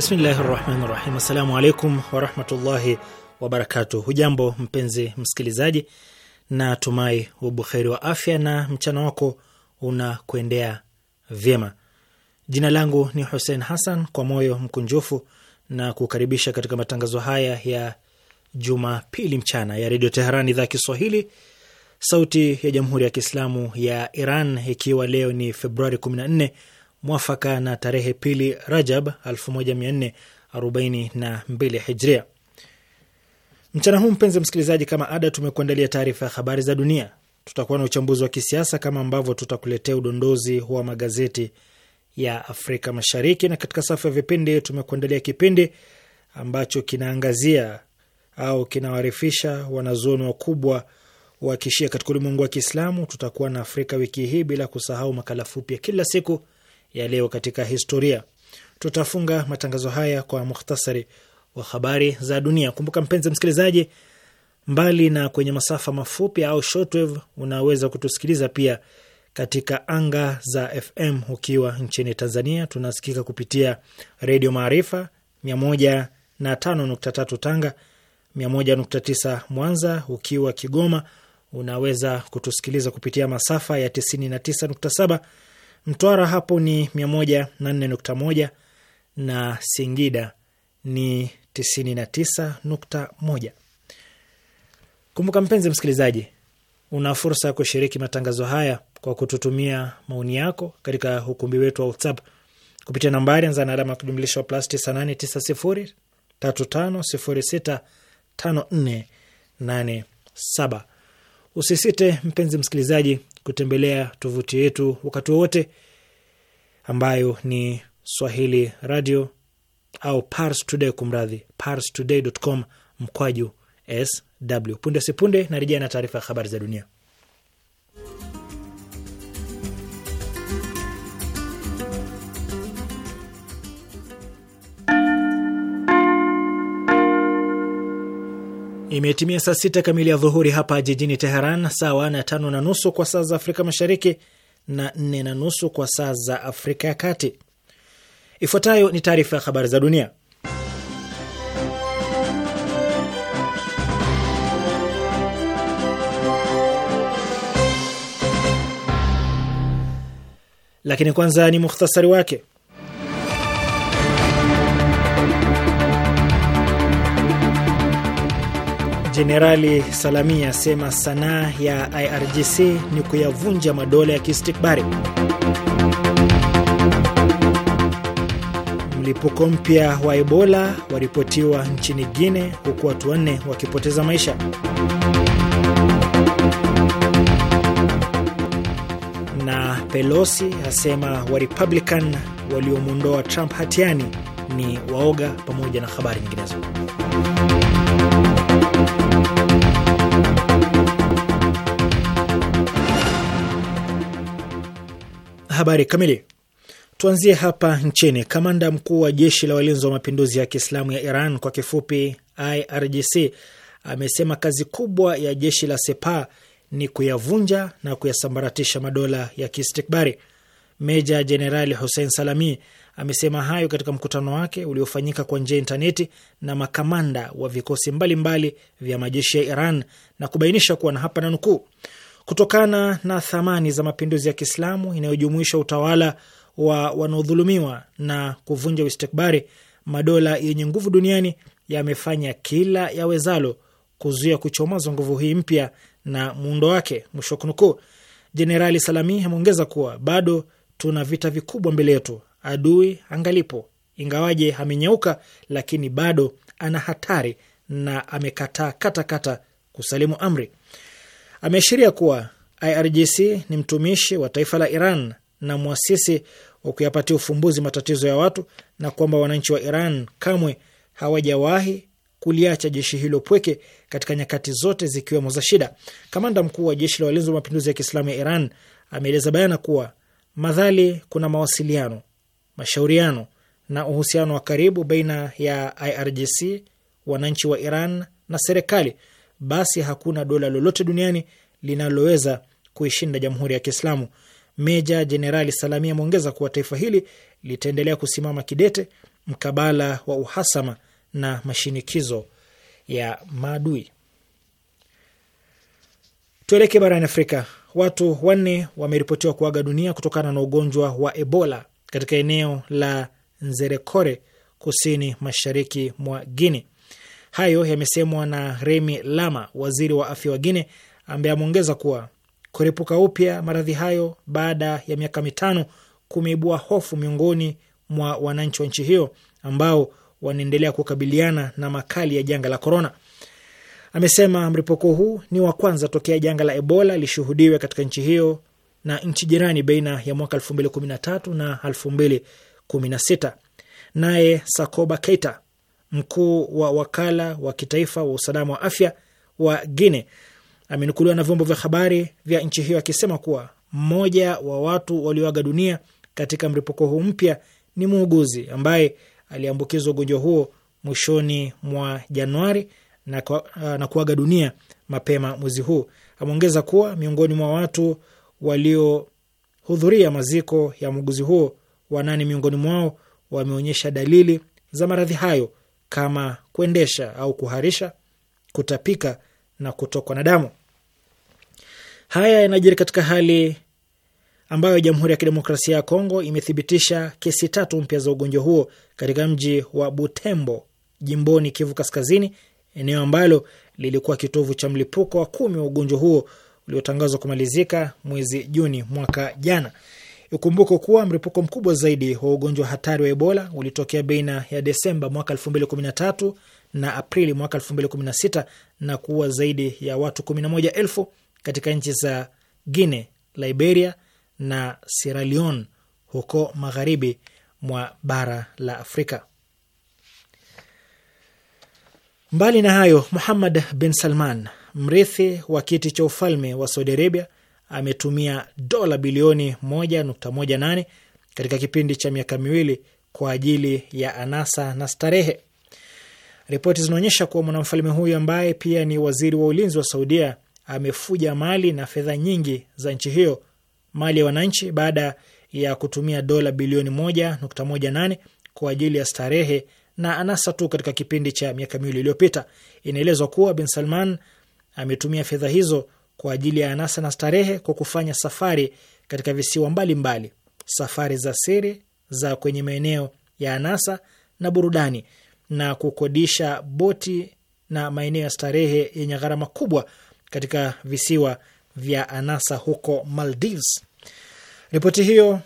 Bismillahi rahmani rahim. Assalamu alaikum warahmatullahi wabarakatuh. Hujambo mpenzi msikilizaji, na tumai ubuheri wa afya na mchana wako unakuendea vyema. Jina langu ni Hussein Hassan, kwa moyo mkunjufu na kukaribisha katika matangazo haya ya Jumapili mchana ya Redio Teheran, idhaa ya Kiswahili, sauti ya Jamhuri ya Kiislamu ya Iran, ikiwa leo ni Februari 14 mwafaka na tarehe pili Rajab 1442 Hijria. Mchana huu mpenzi msikilizaji, kama ada, tumekuandalia taarifa ya habari za dunia, tutakuwa na uchambuzi wa kisiasa kama ambavyo tutakuletea udondozi wa magazeti ya Afrika Mashariki, na katika safu ya vipindi tumekuandalia kipindi ambacho kinaangazia au kinawarifisha wanazuoni wakubwa wa kishia katika ulimwengu wa Kiislamu. Tutakuwa na Afrika wiki hii, bila kusahau makala fupi ya kila siku ya leo katika historia. Tutafunga matangazo haya kwa muhtasari wa habari za dunia. Kumbuka mpenzi msikilizaji, mbali na kwenye masafa mafupi au shortwave, unaweza kutusikiliza pia katika anga za FM. Ukiwa nchini Tanzania, tunasikika kupitia Redio Maarifa 105.3 Tanga, 101.9 Mwanza. Ukiwa Kigoma, unaweza kutusikiliza kupitia masafa ya 99.7 Mtwara hapo ni mia moja na nne nukta moja na Singida ni tisini na tisa nukta moja. Kumbuka mpenzi msikilizaji, una fursa ya kushiriki matangazo haya kwa kututumia maoni yako katika ukumbi wetu wa WhatsApp kupitia nambari anza na alama kujumlisha plus tisa nane tisa sifuri tatu tano sifuri sita tano nne nane saba. Usisite mpenzi msikilizaji kutembelea tovuti yetu wakati wowote ambayo ni Swahili radio au parstoday, kumradhi, com mkwaju sw. Punde sipunde narejea na taarifa ya habari za dunia. Imetimia saa sita kamili ya dhuhuri hapa jijini Teheran, sawa na tano na nusu kwa saa za Afrika Mashariki na nne na nusu kwa saa za Afrika ya Kati. Ifuatayo ni taarifa ya habari za dunia, lakini kwanza ni mukhtasari wake. Jenerali Salami asema sanaa ya IRGC ni kuyavunja madola ya kiistikbari. Mlipuko mpya wa Ebola waripotiwa nchini guine huku watu wanne wakipoteza maisha. Na Pelosi asema warepublican waliomwondoa Trump hatiani ni waoga, pamoja na habari nyinginezo. Habari kamili. Tuanzie hapa nchini. Kamanda mkuu wa jeshi la walinzi wa mapinduzi ya Kiislamu ya Iran, kwa kifupi IRGC, amesema kazi kubwa ya jeshi la Sepa ni kuyavunja na kuyasambaratisha madola ya kiistikbari. Meja Jenerali Hussein Salami amesema hayo katika mkutano wake uliofanyika kwa njia ya intaneti na makamanda wa vikosi mbalimbali mbali vya majeshi ya Iran na kubainisha kuwa na hapa na nukuu kutokana na thamani za mapinduzi ya Kiislamu inayojumuisha utawala wa wanaodhulumiwa na kuvunja uistikbari, madola yenye nguvu duniani yamefanya kila yawezalo kuzuia kuchomoza nguvu hii mpya na muundo wake, mwisho kunukuu. Jenerali Salami ameongeza kuwa bado tuna vita vikubwa mbele yetu, adui angalipo, ingawaje amenyauka, lakini bado ana hatari na amekataa kata katakata kusalimu amri. Ameashiria kuwa IRGC ni mtumishi wa taifa la Iran na mwasisi wa kuyapatia ufumbuzi matatizo ya watu na kwamba wananchi wa Iran kamwe hawajawahi kuliacha jeshi hilo pweke katika nyakati zote zikiwemo za shida. Kamanda mkuu wa jeshi la walinzi wa mapinduzi ya Kiislamu ya Iran ameeleza bayana kuwa madhali kuna mawasiliano, mashauriano na uhusiano wa karibu baina ya IRGC, wananchi wa Iran na serikali, basi hakuna dola lolote duniani linaloweza kuishinda Jamhuri ya Kiislamu. Meja Jenerali Salami ameongeza kuwa taifa hili litaendelea kusimama kidete mkabala wa uhasama na mashinikizo ya maadui. tueleke barani Afrika. Watu wanne wameripotiwa kuaga dunia kutokana na ugonjwa wa Ebola katika eneo la Nzerekore kusini mashariki mwa Guinea. Hayo yamesemwa na Remi Lama, waziri wa afya wa Guine, ambaye ameongeza kuwa kurepuka upya maradhi hayo baada ya miaka mitano kumeibua hofu miongoni mwa wananchi wa nchi hiyo ambao wanaendelea kukabiliana na makali ya janga la korona. Amesema mripuko huu ni wa kwanza tokea janga la Ebola lishuhudiwe katika nchi hiyo na nchi jirani baina ya mwaka 2013 na 2016. Naye Sakoba Keita, mkuu wa wakala wa kitaifa wa usalama wa afya wa Guine amenukuliwa na vyombo vya habari vya nchi hiyo akisema kuwa mmoja wa watu walioaga dunia katika mlipuko huu mpya ni muuguzi ambaye aliambukizwa ugonjwa huo mwishoni mwa Januari na, uh, na kuaga dunia mapema mwezi huu. Ameongeza kuwa miongoni mwa watu waliohudhuria maziko ya muuguzi huo, wanane miongoni mwao wameonyesha dalili za maradhi hayo kama kuendesha au kuharisha, kutapika na kutokwa na damu. Haya yanajiri katika hali ambayo Jamhuri ya Kidemokrasia ya Kongo imethibitisha kesi tatu mpya za ugonjwa huo katika mji wa Butembo, jimboni Kivu Kaskazini, eneo ambalo lilikuwa kitovu cha mlipuko wa kumi wa ugonjwa huo uliotangazwa kumalizika mwezi Juni mwaka jana. Ikumbuke kuwa mlipuko mkubwa zaidi wa ugonjwa hatari wa Ebola ulitokea baina ya Desemba mwaka 2013 na Aprili mwaka 2016 na kuua zaidi ya watu 11,000 katika nchi za Guinea, Liberia na Sierra Leone huko magharibi mwa bara la Afrika. Mbali na hayo, Muhammad bin Salman, mrithi wa kiti cha ufalme wa Saudi Arabia, ametumia dola bilioni 1.18 katika kipindi cha miaka miwili kwa ajili ya anasa na starehe. Ripoti zinaonyesha kuwa mwanamfalme huyu ambaye pia ni waziri wa ulinzi wa Saudia amefuja mali na fedha nyingi za nchi hiyo, mali ya wananchi, baada ya kutumia dola bilioni 1.18 kwa ajili ya starehe na anasa tu katika kipindi cha miaka miwili iliyopita. Inaelezwa kuwa Bin Salman ametumia fedha hizo kwa ajili ya anasa na starehe kwa kufanya safari katika visiwa mbalimbali mbali, safari za siri za kwenye maeneo ya anasa na burudani na kukodisha boti na maeneo ya starehe yenye gharama kubwa katika visiwa vya anasa huko Maldives. Ripoti hiyo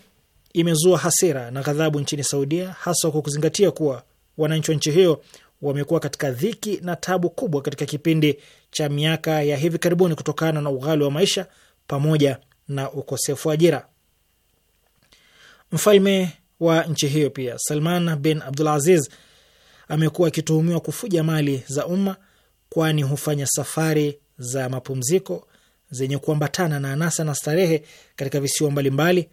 imezua hasira na ghadhabu nchini Saudia, haswa kwa kuzingatia kuwa wananchi wa nchi hiyo wamekuwa katika dhiki na tabu kubwa katika kipindi cha miaka ya hivi karibuni kutokana na ughali wa maisha pamoja na ukosefu wa ajira. Mfalme wa nchi hiyo pia Salman bin abdul aziz amekuwa akituhumiwa kufuja mali za umma, kwani hufanya safari za mapumziko zenye kuambatana na anasa na starehe katika visiwa mbalimbali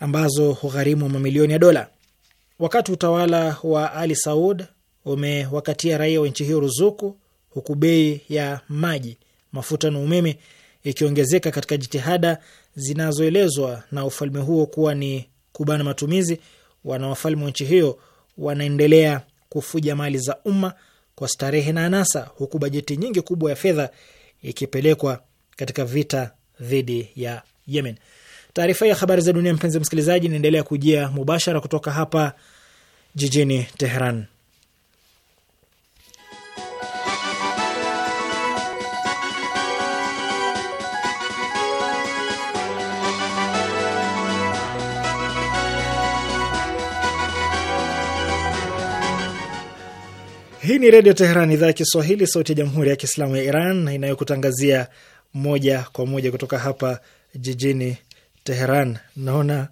ambazo hugharimu mamilioni ya dola. Wakati utawala wa Ali Saud umewakatia raia wa nchi hiyo ruzuku huku bei ya maji, mafuta na umeme ikiongezeka katika jitihada zinazoelezwa na ufalme huo kuwa ni kubana matumizi, wanawafalme wa nchi hiyo wanaendelea kufuja mali za umma kwa starehe na anasa, huku bajeti nyingi kubwa ya fedha ikipelekwa katika vita dhidi ya Yemen. Taarifa ya habari za dunia, mpenzi msikilizaji, inaendelea kujia mubashara kutoka hapa jijini Teheran. Hii ni Redio Teheran, idhaa ya Kiswahili, sauti ya Jamhuri ya Kiislamu ya Iran inayokutangazia moja kwa moja kutoka hapa jijini Teheran. Naona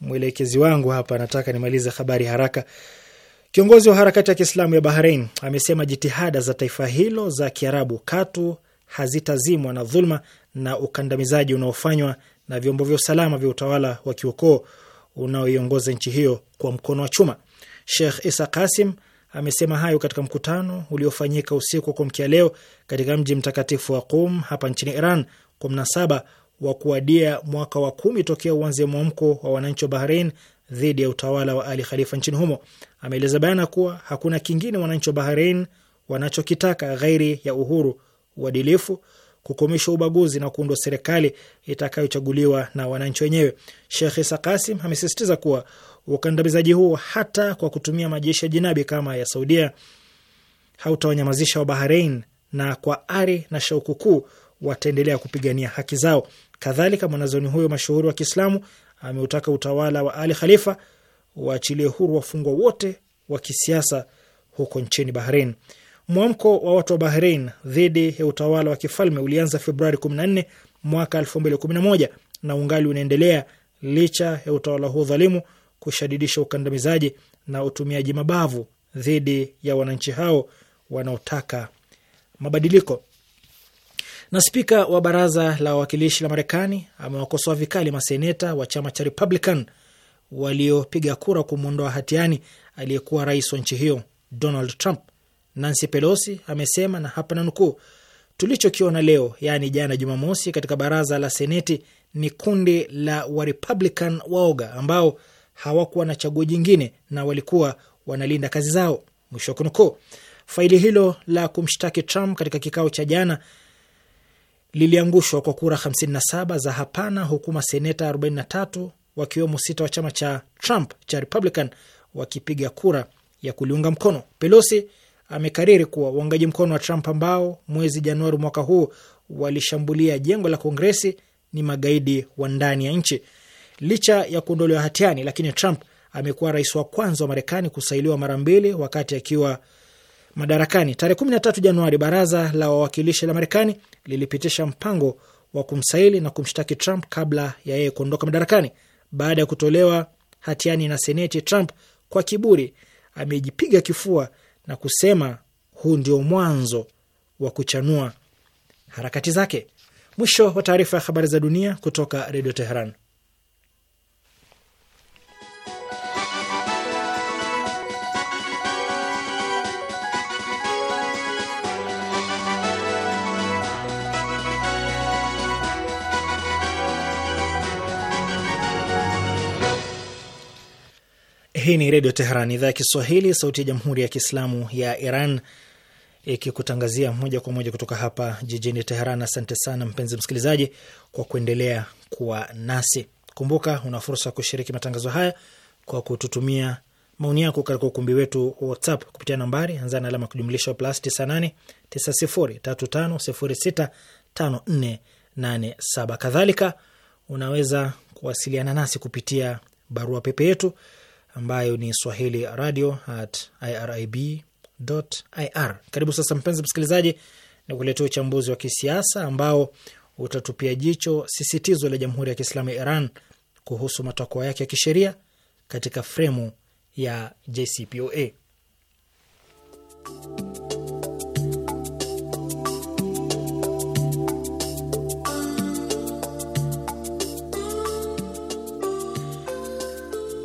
mwelekezi wangu hapa anataka nimalize habari haraka. Kiongozi wa harakati ya Kiislamu ya Bahrain amesema jitihada za taifa hilo za Kiarabu katu hazitazimwa na dhulma na ukandamizaji unaofanywa na vyombo vya usalama vya utawala wa kiukoo unaoiongoza nchi hiyo kwa mkono wa chuma. Sheikh Isa Kasim amesema hayo katika mkutano uliofanyika usiku wa kuamkia leo katika mji mtakatifu wa Qum hapa nchini Iran kwa mnasaba wa kuadia mwaka wa kumi tokea uanze mwamko wa wananchi wa Bahrain dhidi ya utawala wa Ali Khalifa nchini humo. Ameeleza bayana kuwa hakuna kingine wananchi wa Bahrain wanachokitaka ghairi ya uhuru, uadilifu, kukomeshwa ubaguzi na kuundwa serikali itakayochaguliwa na wananchi wenyewe. Shekh Isa Kasim amesisitiza kuwa Ukandamizaji huo hata kwa kutumia majeshi ya jinabi kama ya Saudia hautawanyamazisha wa Bahrain, na kwa ari na shauku kuu wataendelea kupigania haki zao. Kadhalika, mwanazoni huyo mashuhuri wa Kiislamu ameutaka utawala wa Ali Khalifa waachilie huru wafungwa wote wa kisiasa huko nchini Bahrain. Mwamko wa watu wa Bahrain dhidi ya utawala wa kifalme ulianza Februari 14 mwaka 2011 na ungali unaendelea licha ya utawala huo dhalimu kushadidisha ukandamizaji na utumiaji mabavu dhidi ya wananchi hao wanaotaka mabadiliko. Na spika wa baraza la wawakilishi la Marekani amewakosoa vikali maseneta wa chama cha Republican waliopiga kura kumwondoa hatiani aliyekuwa rais wa nchi hiyo Donald Trump. Nancy Pelosi amesema, na hapa nanukuu, tulichokiona leo, yaani jana Jumamosi, katika baraza la Seneti ni kundi la Warepublican waoga ambao hawakuwa na chaguo jingine na walikuwa wanalinda kazi zao, mwisho wa kunukuu. Faili hilo la kumshtaki Trump katika kikao cha jana liliangushwa kwa kura 57 za hapana, huku maseneta 43 wakiwemo sita wa chama cha Trump cha Republican wakipiga kura ya kuliunga mkono. Pelosi amekariri kuwa uungaji mkono wa Trump ambao mwezi Januari mwaka huu walishambulia jengo la Kongresi ni magaidi wa ndani ya nchi. Licha ya kuondolewa hatiani, lakini Trump amekuwa rais wa kwanza wa Marekani kusailiwa mara mbili wakati akiwa madarakani. Tarehe 13 Januari, baraza la wawakilishi la Marekani lilipitisha mpango wa kumsaili na kumshtaki Trump kabla ya yeye kuondoka madarakani. Baada ya kutolewa hatiani na Seneti, Trump kwa kiburi amejipiga kifua na kusema huu ndio mwanzo wa kuchanua harakati zake. Mwisho wa taarifa ya habari za dunia kutoka Redio Teheran. Hii ni Redio Teheran, idhaa ya Kiswahili, sauti ya Jamhuri ya Kiislamu ya Iran, ikikutangazia moja kwa moja kutoka hapa jijini Teheran. Asante sana mpenzi msikilizaji kwa kuendelea kuwa nasi. Kumbuka una fursa ya kushiriki matangazo haya kwa kututumia maoni yako katika ukumbi wetu WhatsApp kupitia nambari, anza na alama kujumlisha plus 98 Kadhalika unaweza kuwasiliana nasi kupitia barua pepe yetu ambayo ni swahili radio at irib ir. Karibu sasa, mpenzi msikilizaji, ni kuletea uchambuzi wa kisiasa ambao utatupia jicho sisitizo la Jamhuri ya Kiislamu ya Iran kuhusu matakwa yake ya kisheria katika fremu ya JCPOA.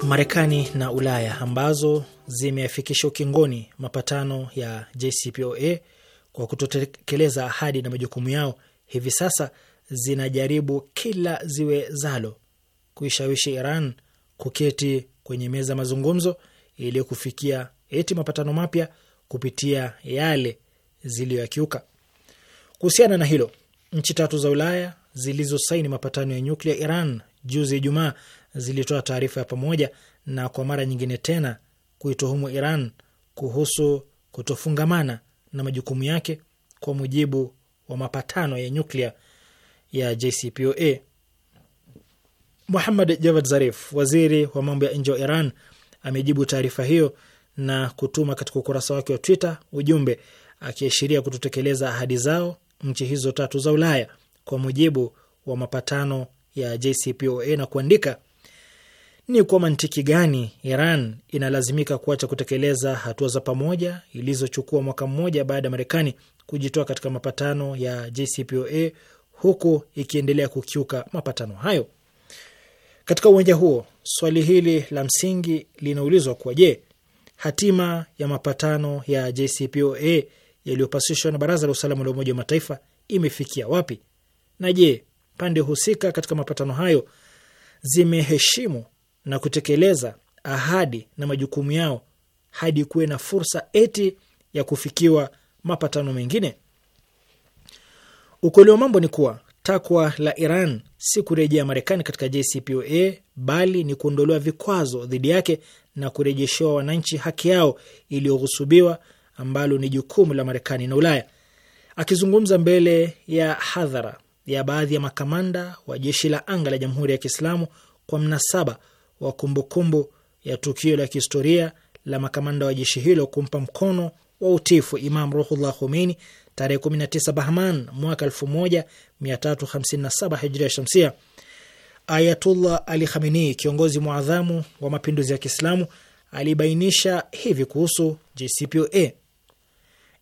Marekani na Ulaya ambazo zimeafikisha ukingoni mapatano ya JCPOA kwa kutotekeleza ahadi na majukumu yao, hivi sasa zinajaribu kila ziwe zalo kuishawishi Iran kuketi kwenye meza mazungumzo ili kufikia eti mapatano mapya kupitia yale ziliyoyakiuka. Kuhusiana na hilo, nchi tatu za Ulaya zilizosaini mapatano ya nyuklia Iran juzi Ijumaa zilitoa taarifa ya pamoja na kwa mara nyingine tena kuituhumu Iran kuhusu kutofungamana na majukumu yake kwa mujibu wa mapatano ya nyuklia ya JCPOA. Muhammad Javad Zarif, waziri wa mambo ya nje wa Iran, amejibu taarifa hiyo na kutuma katika ukurasa wake wa Twitter ujumbe akiashiria kutotekeleza ahadi zao nchi hizo tatu za Ulaya kwa mujibu wa mapatano ya JCPOA na kuandika ni kwa mantiki gani Iran inalazimika kuacha kutekeleza hatua za pamoja ilizochukua mwaka mmoja baada ya Marekani kujitoa katika mapatano ya JCPOA huku ikiendelea kukiuka mapatano hayo? Katika uwanja huo, swali hili la msingi linaulizwa kuwa je, hatima ya mapatano ya JCPOA yaliyopasishwa na Baraza la Usalama la Umoja wa Mataifa imefikia wapi? Na je, pande husika katika mapatano hayo zimeheshimu na kutekeleza ahadi na majukumu yao hadi kuwe na fursa eti ya kufikiwa mapatano mengine. Ukweli wa mambo ni kuwa takwa la Iran si kurejea Marekani katika JCPOA bali ni kuondolewa vikwazo dhidi yake na kurejeshewa wananchi haki yao iliyoghusubiwa, ambalo ni jukumu la Marekani na Ulaya. Akizungumza mbele ya hadhara ya baadhi ya makamanda wa jeshi la anga la Jamhuri ya Kiislamu kwa mnasaba wa kumbukumbu ya tukio la kihistoria la makamanda wa jeshi hilo kumpa mkono wa utifu Imam Ruhullah Khomeini tarehe 19 Bahman mwaka 1357 Hijria Shamsia. Ayatullah Ali Khamenei, kiongozi mwadhamu wa mapinduzi ya Kiislamu, alibainisha hivi kuhusu JCPOA: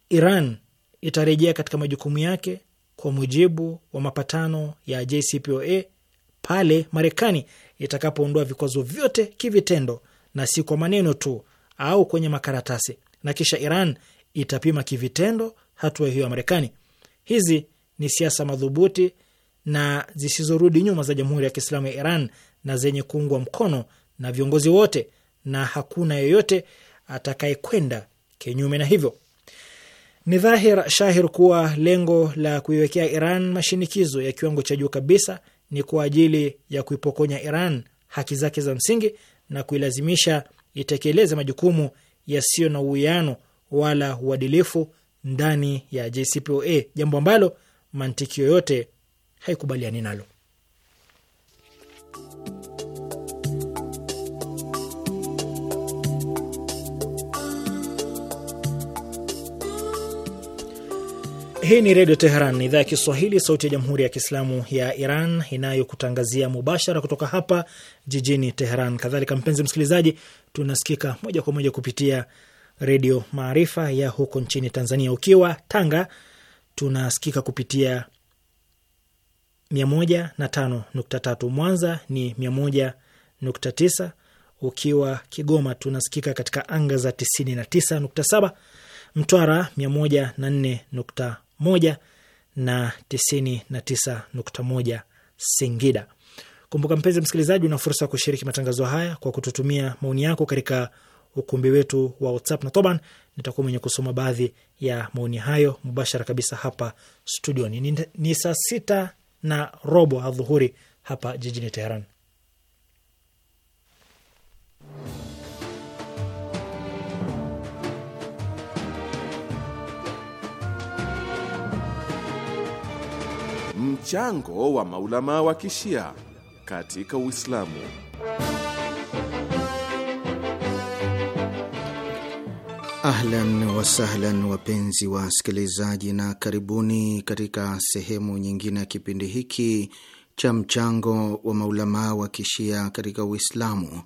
Iran itarejea katika majukumu yake kwa mujibu wa mapatano ya JCPOA pale Marekani itakapoondoa vikwazo vyote kivitendo na si kwa maneno tu au kwenye makaratasi, na kisha Iran itapima kivitendo hatua hiyo ya Marekani. Hizi ni siasa madhubuti na zisizorudi nyuma za Jamhuri ya Kiislamu ya Iran na zenye kuungwa mkono na viongozi wote, na hakuna yeyote atakayekwenda kinyume na hivyo. Ni dhahir shahir kuwa lengo la kuiwekea Iran mashinikizo ya kiwango cha juu kabisa ni kwa ajili ya kuipokonya Iran haki zake za msingi na kuilazimisha itekeleze majukumu yasiyo na uwiano wala uadilifu ndani ya JCPOA, jambo ambalo mantiki yoyote haikubaliani nalo. Hii ni Redio Teheran, idhaa ya Kiswahili, sauti ya Jamhuri ya Kiislamu ya Iran, inayokutangazia mubashara kutoka hapa jijini Teheran. Kadhalika mpenzi msikilizaji, tunasikika moja kwa moja kupitia Redio Maarifa ya huko nchini Tanzania. Ukiwa Tanga tunasikika kupitia 105.3, Mwanza ni 101.9, ukiwa Kigoma tunasikika katika anga za 99.7, Mtwara 104 moja na tisini na tisa nukta moja Singida. Kumbuka mpenzi msikilizaji, una fursa ya kushiriki matangazo haya kwa kututumia maoni yako katika ukumbi wetu wa WhatsApp na Toban nitakuwa mwenye kusoma baadhi ya maoni hayo mubashara kabisa hapa studioni. Ni, ni saa sita na robo adhuhuri hapa jijini Teheran. Mchango wa maulama wa kishia katika Uislamu. Ahlan wasahlan, wapenzi wa wasikilizaji, na karibuni katika sehemu nyingine ya kipindi hiki cha mchango wa maulamaa wa kishia katika Uislamu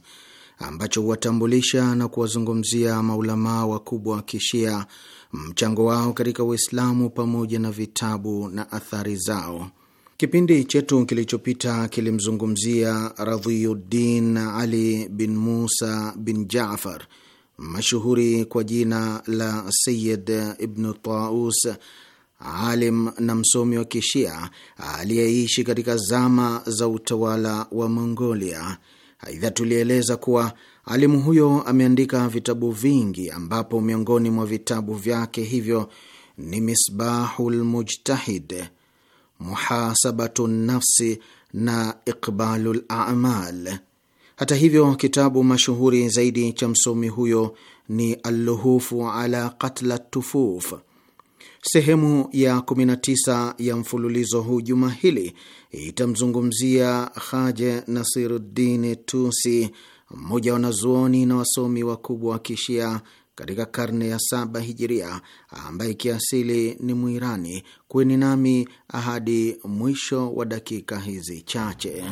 ambacho huwatambulisha na kuwazungumzia maulamaa wakubwa wa kishia, mchango wao katika Uislamu pamoja na vitabu na athari zao. Kipindi chetu kilichopita kilimzungumzia Radhiuddin Ali bin Musa bin Jafar mashuhuri kwa jina la Sayid Ibnu Taus, alim na msomi wa Kishia aliyeishi katika zama za utawala wa Mongolia. Aidha, tulieleza kuwa alimu huyo ameandika vitabu vingi, ambapo miongoni mwa vitabu vyake hivyo ni Misbahul Mujtahid muhasabatu nafsi na iqbalu lamal. Hata hivyo, kitabu mashuhuri zaidi cha msomi huyo ni Alluhufu ala qatla tufuf. Sehemu ya 19 ya mfululizo huu juma hili itamzungumzia Haje Nasiruddin Tusi, mmoja wa wanazuoni na wasomi wakubwa wa Kishia katika karne ya saba hijiria, ambaye kiasili ni Mwirani. Kweni nami ahadi mwisho wa dakika hizi chache.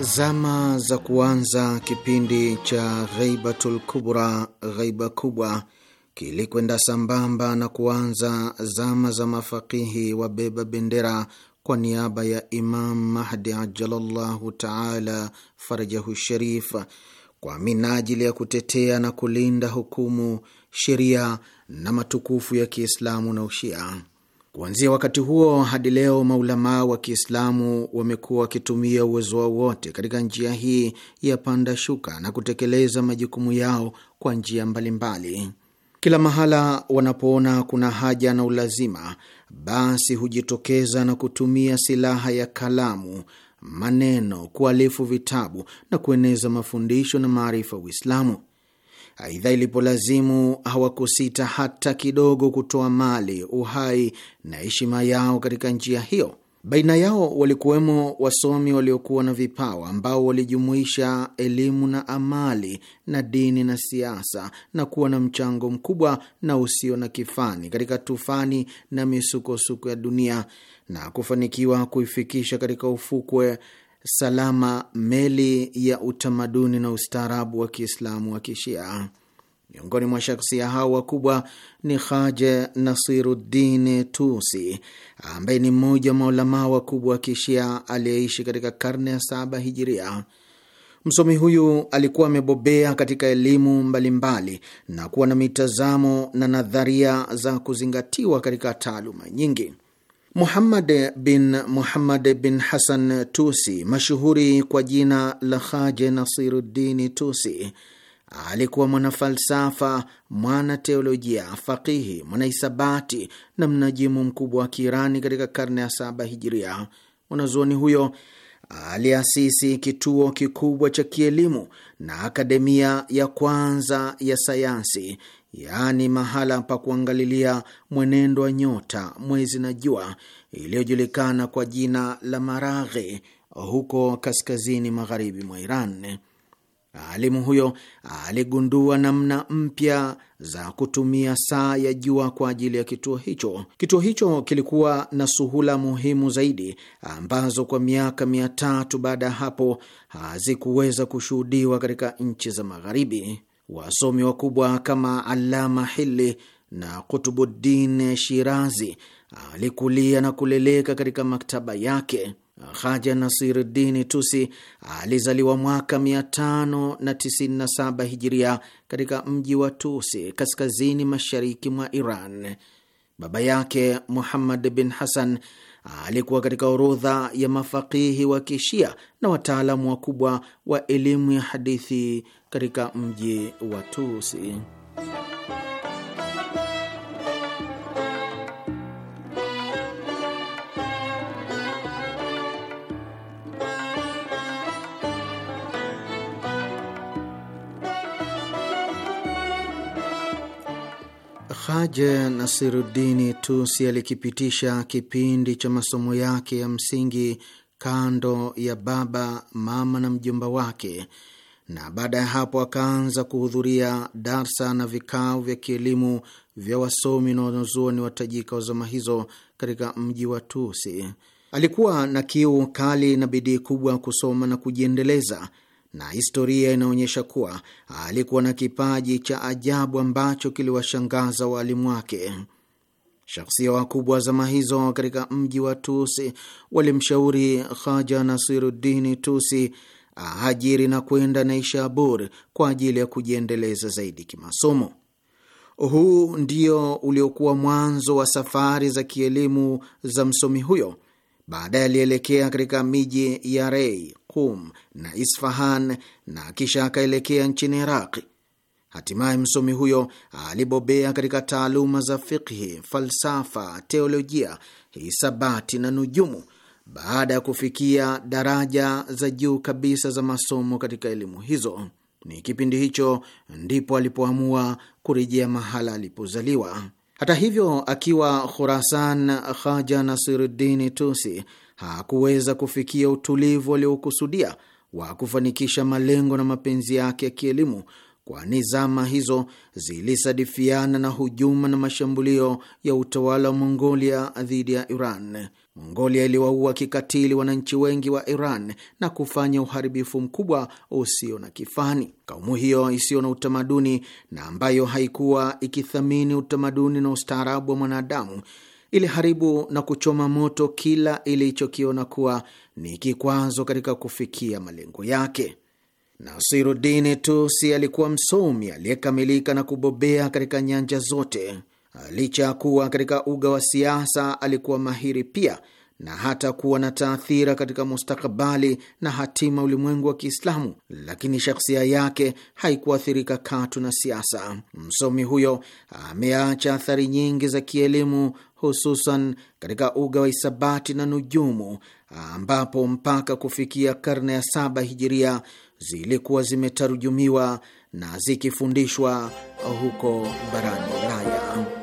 Zama za kuanza kipindi cha Ghaibatul Kubra, ghaiba kubwa, kilikwenda sambamba na kuanza zama za mafakihi wabeba bendera kwa niaba ya Imam Mahdi ajalallahu taala farajahu sharif kwa minajili ya kutetea na kulinda hukumu, sheria na matukufu ya Kiislamu na Ushia. Kuanzia wakati huo hadi leo maulamaa wa Kiislamu wamekuwa wakitumia uwezo wao wote katika njia hii ya panda shuka na kutekeleza majukumu yao kwa njia mbalimbali. Kila mahala wanapoona kuna haja na ulazima, basi hujitokeza na kutumia silaha ya kalamu, maneno, kualifu vitabu na kueneza mafundisho na maarifa Uislamu. Aidha, ilipolazimu hawakusita hata kidogo kutoa mali, uhai na heshima yao katika njia hiyo. Baina yao walikuwemo wasomi waliokuwa na vipawa ambao walijumuisha elimu na amali na dini na siasa na kuwa na mchango mkubwa na usio na kifani katika tufani na misukosuko ya dunia na kufanikiwa kuifikisha katika ufukwe salama meli ya utamaduni na ustaarabu wa Kiislamu wa Kishia. Miongoni mwa shakhsia hao wakubwa ni Haje Nasiruddin Tusi, ambaye ni mmoja wa maulamaa wakubwa wa Kishia aliyeishi katika karne ya saba Hijiria. Msomi huyu alikuwa amebobea katika elimu mbalimbali na kuwa na mitazamo na nadharia za kuzingatiwa katika taaluma nyingi. Muhammad bin Muhammad bin Hasan Tusi, mashuhuri kwa jina la Haje Nasiruddini Tusi, alikuwa mwanafalsafa, mwanateolojia, faqihi, mwanahisabati na mnajimu mkubwa wa Kiirani katika karne ya saba Hijiria. Mwanazuoni huyo aliasisi kituo kikubwa cha kielimu na akademia ya kwanza ya sayansi yaani mahala pa kuangalilia mwenendo wa nyota, mwezi na jua, iliyojulikana kwa jina la Maraghe huko kaskazini magharibi mwa Iran. Alimu huyo aligundua namna mpya za kutumia saa ya jua kwa ajili ya kituo hicho. Kituo hicho kilikuwa na suhula muhimu zaidi ambazo kwa miaka mia tatu baada ya hapo hazikuweza kushuhudiwa katika nchi za Magharibi. Wasomi wakubwa kama alama Hili na Kutubuddin Shirazi alikulia na kuleleka katika maktaba yake. Haja nasirdini Tusi alizaliwa mwaka 597 hijiria katika mji wa Tusi, kaskazini mashariki mwa Iran. Baba yake Muhammad bin Hassan alikuwa katika orodha ya mafakihi wa Kishia na wataalamu wakubwa wa elimu ya hadithi katika mji wa Tusi. Haja Nasiruddini Tusi alikipitisha kipindi cha masomo yake ya msingi kando ya baba, mama na mjomba wake na baada ya hapo akaanza kuhudhuria darsa na vikao vya kielimu vya wasomi na wanazuoni watajika wa zama hizo katika mji wa Tusi. Alikuwa na kiu kali na bidii kubwa kusoma na kujiendeleza, na historia inaonyesha kuwa alikuwa na kipaji cha ajabu ambacho kiliwashangaza waalimu wake. Shakhsia wakubwa wa zama hizo katika mji wa Tusi walimshauri Haja Nasiruddini Tusi aajiri na kwenda Naishabur kwa ajili ya kujiendeleza zaidi kimasomo. Huu ndio uliokuwa mwanzo wa safari za kielimu za msomi huyo. Baadaye alielekea katika miji ya Rei, Kum na Isfahan na kisha akaelekea nchini Iraqi. Hatimaye msomi huyo alibobea katika taaluma za fikhi, falsafa, teolojia, hisabati na nujumu baada ya kufikia daraja za juu kabisa za masomo katika elimu hizo. Ni kipindi hicho ndipo alipoamua kurejea mahala alipozaliwa. Hata hivyo, akiwa Khurasan, Khaja Nasiruddin Tusi hakuweza kufikia utulivu aliokusudia wa kufanikisha malengo na mapenzi yake ya kielimu, kwani zama hizo zilisadifiana na hujuma na mashambulio ya utawala wa Mongolia dhidi ya Iran. Mongolia iliwaua kikatili wananchi wengi wa Iran na kufanya uharibifu mkubwa usio na kifani. Kaumu hiyo isiyo na utamaduni na ambayo haikuwa ikithamini utamaduni na ustaarabu wa mwanadamu iliharibu na kuchoma moto kila ilichokiona kuwa ni kikwazo katika kufikia malengo yake. Nasirudini Tusi alikuwa msomi aliyekamilika na kubobea katika nyanja zote. Licha ya kuwa katika uga wa siasa alikuwa mahiri pia na hata kuwa na taathira katika mustakabali na hatima ulimwengu wa Kiislamu, lakini shakhsia yake haikuathirika katu na siasa. Msomi huyo ameacha athari nyingi za kielimu, hususan katika uga wa hisabati na nujumu, ambapo mpaka kufikia karne ya saba hijiria zilikuwa zimetarujumiwa na zikifundishwa huko barani Ulaya.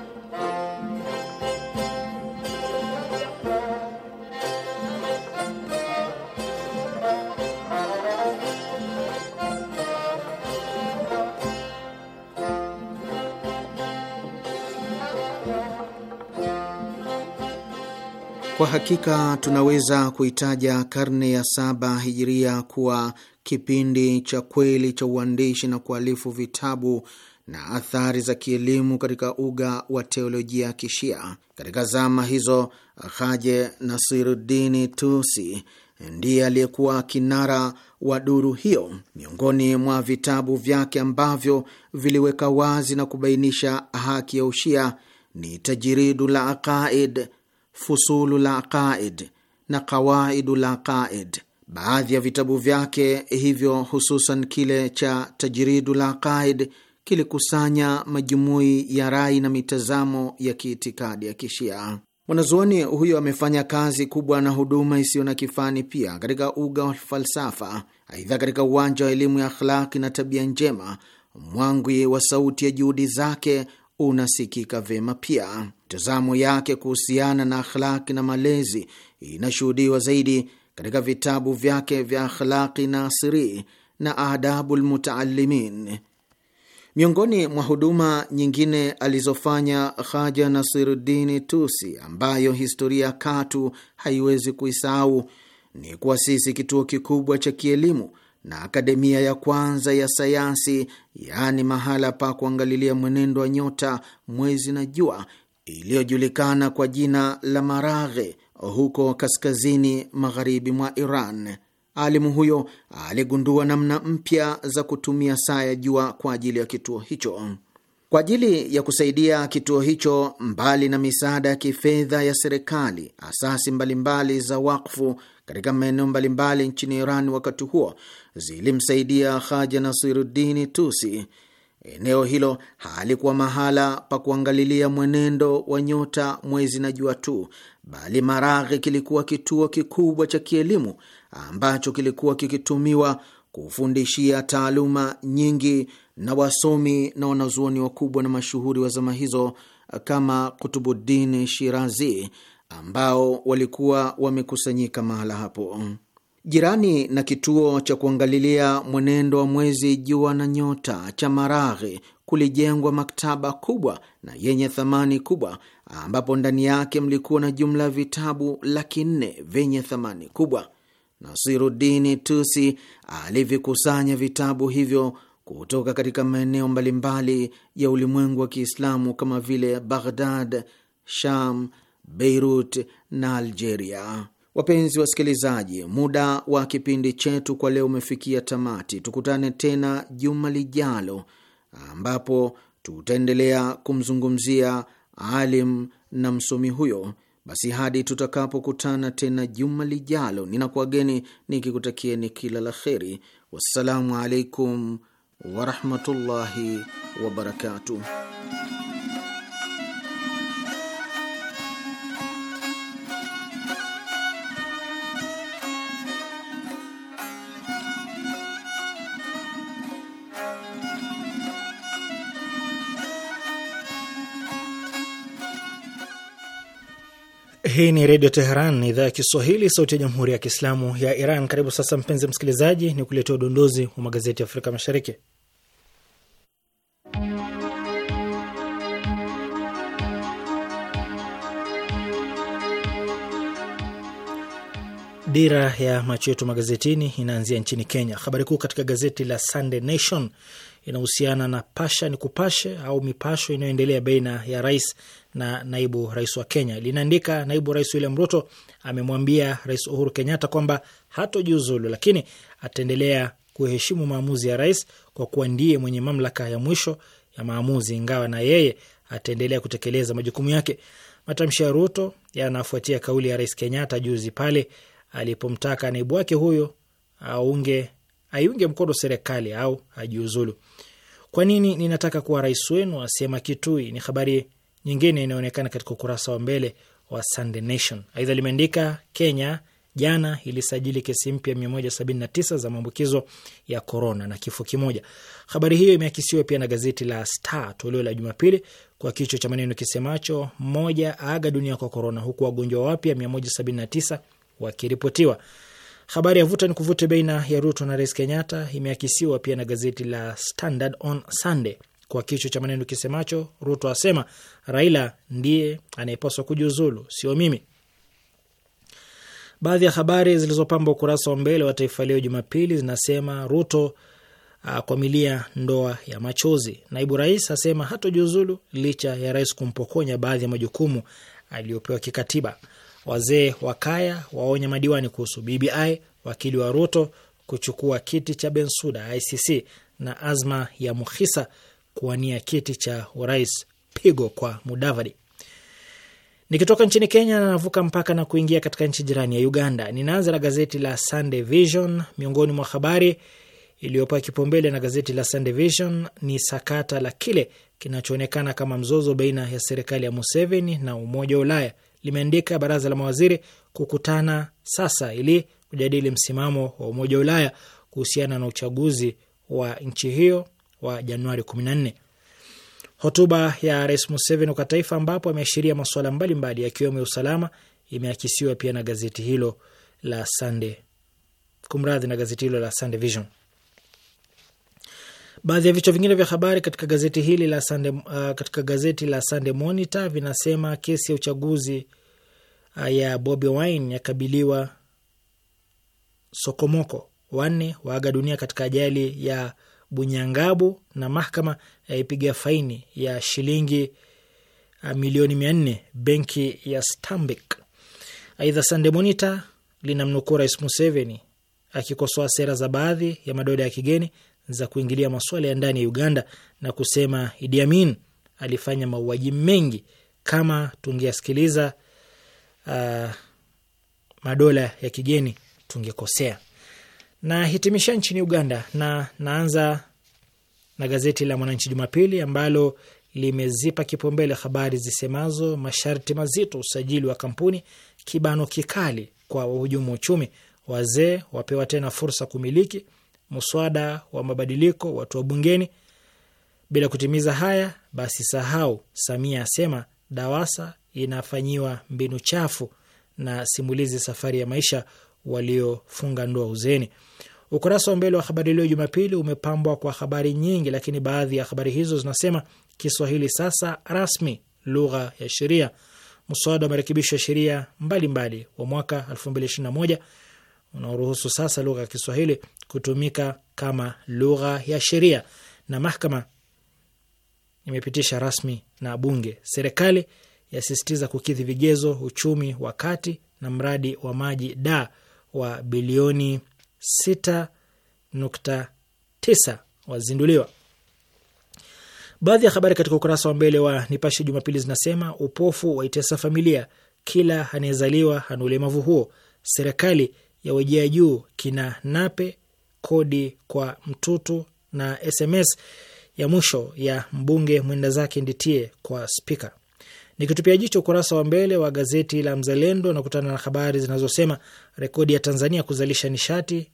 Kwa hakika tunaweza kuitaja karne ya saba hijiria kuwa kipindi cha kweli cha uandishi na kualifu vitabu na athari za kielimu katika uga wa teolojia Kishia. Katika zama hizo, Haje Nasiruddini Tusi ndiye aliyekuwa kinara wa duru hiyo. Miongoni mwa vitabu vyake ambavyo viliweka wazi na kubainisha haki ya Ushia ni Tajiridu la Aqaid Fusulul Aqaid na Qawaidul Aqaid. Baadhi ya vitabu vyake hivyo, hususan kile cha Tajridul Aqaid kilikusanya majumui ya rai na mitazamo ya kiitikadi ya Kishia. Mwanazuoni huyo amefanya kazi kubwa na huduma isiyo na kifani pia katika uga wa falsafa. Aidha, katika uwanja wa elimu ya akhlaki na tabia njema, mwangwi wa sauti ya juhudi zake unasikika vyema pia. Mtazamo yake kuhusiana na akhlaki na malezi inashuhudiwa zaidi katika vitabu vyake vya Akhlaqi Nasiri na Adabu Lmutaalimin. Miongoni mwa huduma nyingine alizofanya Haja Nasirudini Tusi, ambayo historia katu haiwezi kuisahau, ni kuasisi kituo kikubwa cha kielimu na akademia ya kwanza ya sayansi, yaani mahala pa kuangalilia mwenendo wa nyota, mwezi na jua, iliyojulikana kwa jina la Maraghe huko kaskazini magharibi mwa Iran. Alimu huyo aligundua namna mpya za kutumia saa ya jua kwa ajili ya kituo hicho. Kwa ajili ya kusaidia kituo hicho, mbali na misaada ya kifedha ya serikali, asasi mbalimbali za wakfu katika maeneo mbalimbali nchini Iran wakati huo zilimsaidia Haja Nasiruddini Tusi. Eneo hilo halikuwa mahala pa kuangalilia mwenendo wa nyota, mwezi na jua tu, bali maraghi kilikuwa kituo kikubwa cha kielimu ambacho kilikuwa kikitumiwa kufundishia taaluma nyingi na wasomi na wanazuoni wakubwa na mashuhuri wa zama hizo kama Kutubuddin Shirazi ambao walikuwa wamekusanyika mahala hapo jirani na kituo cha kuangalilia mwenendo wa mwezi, jua na nyota cha Maraghi kulijengwa maktaba kubwa na yenye thamani kubwa, ambapo ndani yake mlikuwa na jumla ya vitabu laki nne vyenye thamani kubwa. Nasirudini Tusi alivikusanya vitabu hivyo kutoka katika maeneo mbalimbali ya ulimwengu wa Kiislamu kama vile Baghdad, Sham, Beirut na Algeria. Wapenzi wasikilizaji, muda wa kipindi chetu kwa leo umefikia tamati. Tukutane tena juma lijalo, ambapo tutaendelea kumzungumzia alim na msomi huyo. Basi hadi tutakapokutana tena juma lijalo, ninakuageni nikikutakieni kila la kheri. Wassalamu alaikum warahmatullahi wabarakatuh. Hii ni Redio Teheran, idhaa ya Kiswahili, sauti ya Jamhuri ya Kiislamu ya Iran. Karibu sasa, mpenzi msikilizaji, ni kuletea udondozi wa magazeti ya Afrika Mashariki. Dira ya macho yetu magazetini inaanzia nchini Kenya. Habari kuu katika gazeti la Sunday Nation inahusiana na pasha ni kupashe au mipasho inayoendelea baina ya rais na naibu rais wa Kenya. Linaandika, naibu rais William Ruto amemwambia rais Uhuru Kenyatta kwamba hatojiuzulu, lakini ataendelea kuheshimu maamuzi ya rais kwa kuwa ndiye mwenye mamlaka ya mwisho ya maamuzi, ingawa na yeye ataendelea kutekeleza majukumu yake. Matamshi ya Ruto yanafuatia kauli ya rais Kenyatta juzi pale alipomtaka naibu wake huyo aunge aiunge mkono serikali au ajiuzulu. Kwa nini ninataka kuwa rais wenu, asema Kitui? Ni habari nyingine inaonekana katika ukurasa wa mbele wa Sunday Nation. Aidha limeandika Kenya jana ilisajili kesi mpya 179 za maambukizo ya korona na kifo kimoja. Habari hiyo imeakisiwa pia na gazeti la Star toleo la Jumapili kwa kichwa cha maneno kisemacho mmoja aaga dunia kwa korona, huku wagonjwa wapya 179 wakiripotiwa. Habari ya vuta ni kuvuta baina ya Ruto na Rais Kenyatta imeakisiwa pia na gazeti la Standard on Sunday kwa kichwa cha maneno kisemacho Ruto asema Raila ndiye anayepaswa kujiuzulu, sio mimi. Baadhi ya habari zilizopamba ukurasa wa mbele wa Taifa Leo Jumapili zinasema Ruto akwamilia ah, ndoa ya machozi. Naibu rais asema hatojiuzulu licha ya rais kumpokonya baadhi ya majukumu aliyopewa kikatiba. Wazee wa kaya waonya madiwani kuhusu BBI. Wakili wa Ruto kuchukua kiti cha Bensuda ICC, na azma ya Mukhisa kuwania kiti cha urais pigo kwa Mudavadi. Nikitoka nchini Kenya navuka mpaka na kuingia katika nchi jirani ya Uganda. Ninaanza na gazeti la Sunday Vision. Miongoni mwa habari iliyopewa kipaumbele na gazeti la Sunday Vision ni sakata la kile kinachoonekana kama mzozo baina ya serikali ya Museveni na Umoja wa Ulaya. Limeandika baraza la mawaziri kukutana sasa ili kujadili msimamo wa Umoja wa Ulaya kuhusiana na uchaguzi wa nchi hiyo wa Januari 14. Hotuba ya Rais Museveni kwa taifa, ambapo ameashiria masuala mbalimbali yakiwemo ya usalama, imeakisiwa pia na gazeti hilo la Sunday, kumradhi, na gazeti hilo la Sunday Vision. Baadhi ya vichwa vingine vya habari katika gazeti hili la Sunday, uh, katika gazeti la Sunday Monitor vinasema kesi ya uchaguzi uh, ya Bobi Wine yakabiliwa sokomoko, wanne waaga dunia katika ajali ya Bunyangabu na mahakama yaipiga eh, faini ya shilingi ah, milioni mia nne benki ya Stanbic. Aidha, Sunday Monita linamnukuu Rais Museveni akikosoa sera za baadhi ya madola ya kigeni za kuingilia masuala ya ndani ya Uganda na kusema Idi Amin alifanya mauaji mengi kama tungeasikiliza uh, ah, madola ya kigeni tungekosea na hitimisha nchini Uganda na naanza na gazeti la Mwananchi Jumapili ambalo limezipa kipaumbele habari zisemazo masharti mazito usajili wa kampuni, kibano kikali kwa wahujumu wa uchumi, wazee wapewa tena fursa kumiliki, mswada wa mabadiliko watu wa bungeni bila kutimiza haya basi sahau. Samia asema DAWASA inafanyiwa mbinu chafu na simulizi safari ya maisha waliofunga ndoa uzeni. Ukurasa wa mbele wa Habari Leo Jumapili umepambwa kwa habari nyingi, lakini baadhi ya habari hizo zinasema: Kiswahili sasa rasmi lugha ya sheria, mswada wa marekebisho ya sheria mbalimbali wa mwaka 2021 unaoruhusu sasa lugha ya Kiswahili kutumika kama lugha ya sheria, na mahakama imepitisha rasmi na bunge. Serikali yasisitiza kukidhi vigezo uchumi wa kati, na mradi wa maji da wa bilioni 6.9 wazinduliwa. Baadhi ya habari katika ukurasa wa mbele wa Nipashe Jumapili zinasema upofu waitesa familia, kila anayezaliwa ana ulemavu huo, serikali ya wejea juu kina Nape, kodi kwa mtutu na SMS ya mwisho ya mbunge mwenda zake Nditie kwa spika. Nikitupia jicho ukurasa wa mbele wa gazeti la Mzalendo nakutana na habari zinazosema rekodi ya Tanzania kuzalisha nishati,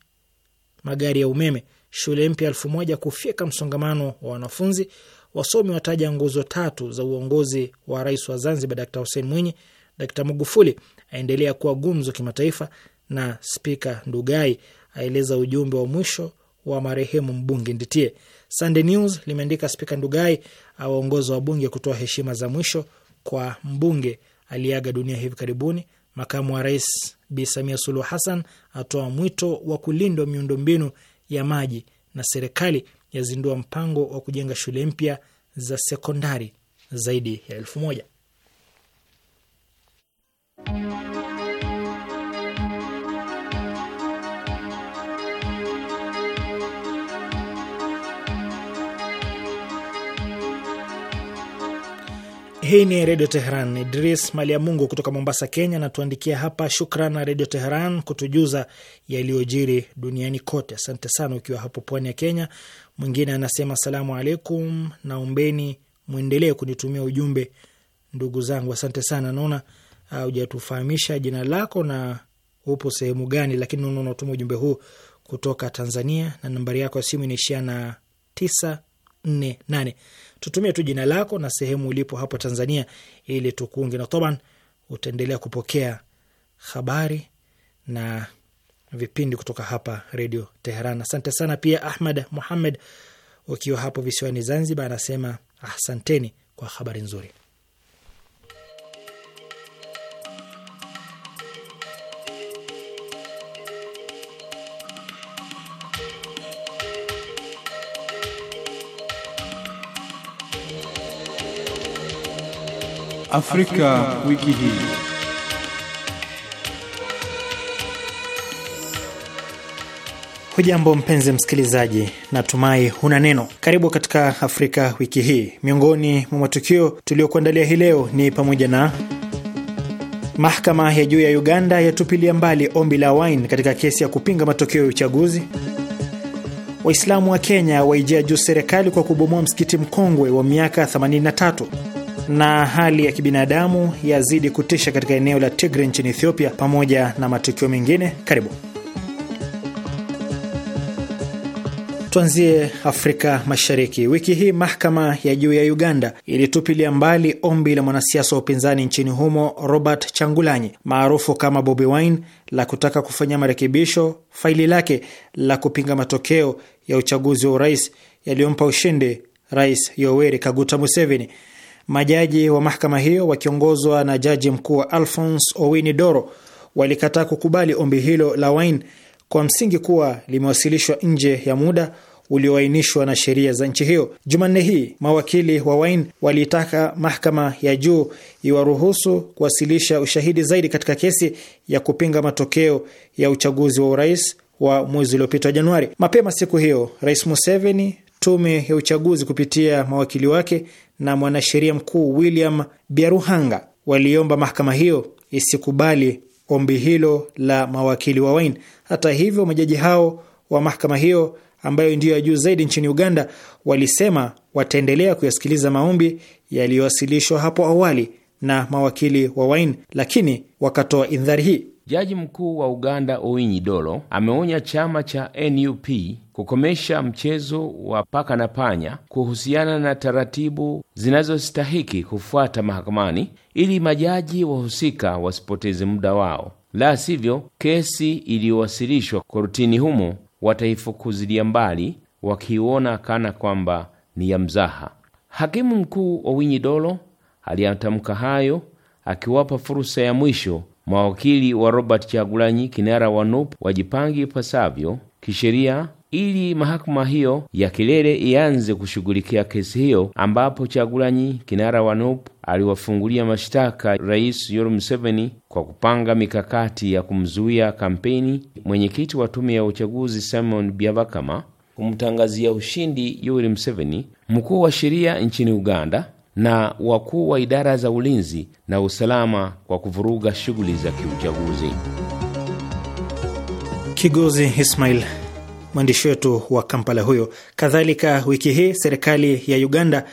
magari ya umeme, shule mpya elfu moja kufyeka msongamano wa wanafunzi, wasomi wataja nguzo tatu za uongozi wa rais wa Zanzibar Dr Hussein Mwinyi, Dr Magufuli aendelea kuwa gumzo kimataifa, na Spika Ndugai aeleza ujumbe wa mwisho wa marehemu mbunge Nditie. Sunday News limeandika Spika Ndugai awaongoza wabunge kutoa heshima za mwisho kwa mbunge aliyeaga dunia hivi karibuni. Makamu wa rais Bi Samia Suluhu Hassan atoa mwito wa kulindwa miundombinu ya maji, na serikali yazindua mpango wa kujenga shule mpya za sekondari zaidi ya elfu moja. Hii ni Redio Teheran. Idris Mungu kutoka Mombasa, Kenya, anatuandikia hapa. Shukran na Redio Teheran kutujuza yaliyojiri duniani kote. Asante sana ukiwa hapo pwani ya Kenya. Mwingine anasema asalamu alaikum, naombeni mwendelee kunitumia ujumbe ndugu zangu. Asante sana. Naona uh, hujatufahamisha jina lako na upo sehemu gani, lakini naona unatuma ujumbe huu kutoka Tanzania na nambari yako ya simu inaishia na tisa nne nane tutumie tu jina lako na sehemu ulipo hapo Tanzania ili tukunge, na toban utaendelea kupokea habari na vipindi kutoka hapa Redio Teheran. Asante sana pia Ahmad Muhamed ukiwa hapo visiwani Zanzibar, anasema asanteni kwa habari nzuri. Afrika, wiki hii. Hujambo mpenzi msikilizaji, natumai huna neno. Karibu katika Afrika wiki hii. Miongoni mwa matukio tuliyokuandalia hii leo ni pamoja na mahakama ya juu ya Uganda yatupilia mbali ombi la Wine katika kesi ya kupinga matokeo ya uchaguzi, Waislamu wa Kenya waijia juu serikali kwa kubomoa msikiti mkongwe wa miaka 83 na hali ya kibinadamu yazidi kutisha katika eneo la tigre nchini Ethiopia, pamoja na matukio mengine. Karibu Tuanzie Afrika Mashariki. Wiki hii mahakama ya juu ya Uganda ilitupilia mbali ombi la mwanasiasa wa upinzani nchini humo Robert Changulanyi maarufu kama Bobi Wine la kutaka kufanya marekebisho faili lake la kupinga matokeo ya uchaguzi wa urais yaliyompa ushindi Rais Yoweri Kaguta Museveni. Majaji wa mahakama hiyo wakiongozwa na jaji mkuu Alphonse Owini Doro walikataa kukubali ombi hilo la Wine kwa msingi kuwa limewasilishwa nje ya muda ulioainishwa na sheria za nchi hiyo. Jumanne hii mawakili wa Wine waliitaka mahakama ya juu iwaruhusu kuwasilisha ushahidi zaidi katika kesi ya kupinga matokeo ya uchaguzi wa urais wa mwezi uliopita Januari. Mapema siku hiyo, Rais Museveni, tume ya uchaguzi kupitia mawakili wake na mwanasheria mkuu William Biaruhanga waliomba mahakama hiyo isikubali ombi hilo la mawakili wa Wine. Hata hivyo, majaji hao wa mahakama hiyo ambayo ndiyo ya juu zaidi nchini Uganda walisema wataendelea kuyasikiliza maombi yaliyowasilishwa hapo awali na mawakili wa Wine, lakini wakatoa indhari hii. Jaji mkuu wa Uganda Owinyi Dolo ameonya chama cha NUP kukomesha mchezo wa paka na panya kuhusiana na taratibu zinazostahiki kufuata mahakamani ili majaji wahusika wasipoteze muda wao, la sivyo kesi iliyowasilishwa kortini humo wataifukuzilia mbali, wakiona kana kwamba ni ya mzaha. Hakimu mkuu Owinyi Dolo aliyatamka hayo akiwapa fursa ya mwisho mawakili wa Robert Chagulanyi, kinara wa NUP, wajipangi ipasavyo kisheria ili mahakama hiyo ya kilele ianze kushughulikia kesi hiyo, ambapo Chagulanyi kinara wa NOP aliwafungulia mashtaka Rais Yoweri Museveni kwa kupanga mikakati ya kumzuia kampeni, mwenyekiti wa tume ya uchaguzi Simon Byabakama kumtangazia ushindi Yoweri Museveni, mkuu wa sheria nchini Uganda na wakuu wa idara za ulinzi na usalama kwa kuvuruga shughuli za kiuchaguzi. Kigozi Ismail mwandishi wetu wa Kampala huyo. Kadhalika, wiki hii serikali ya Uganda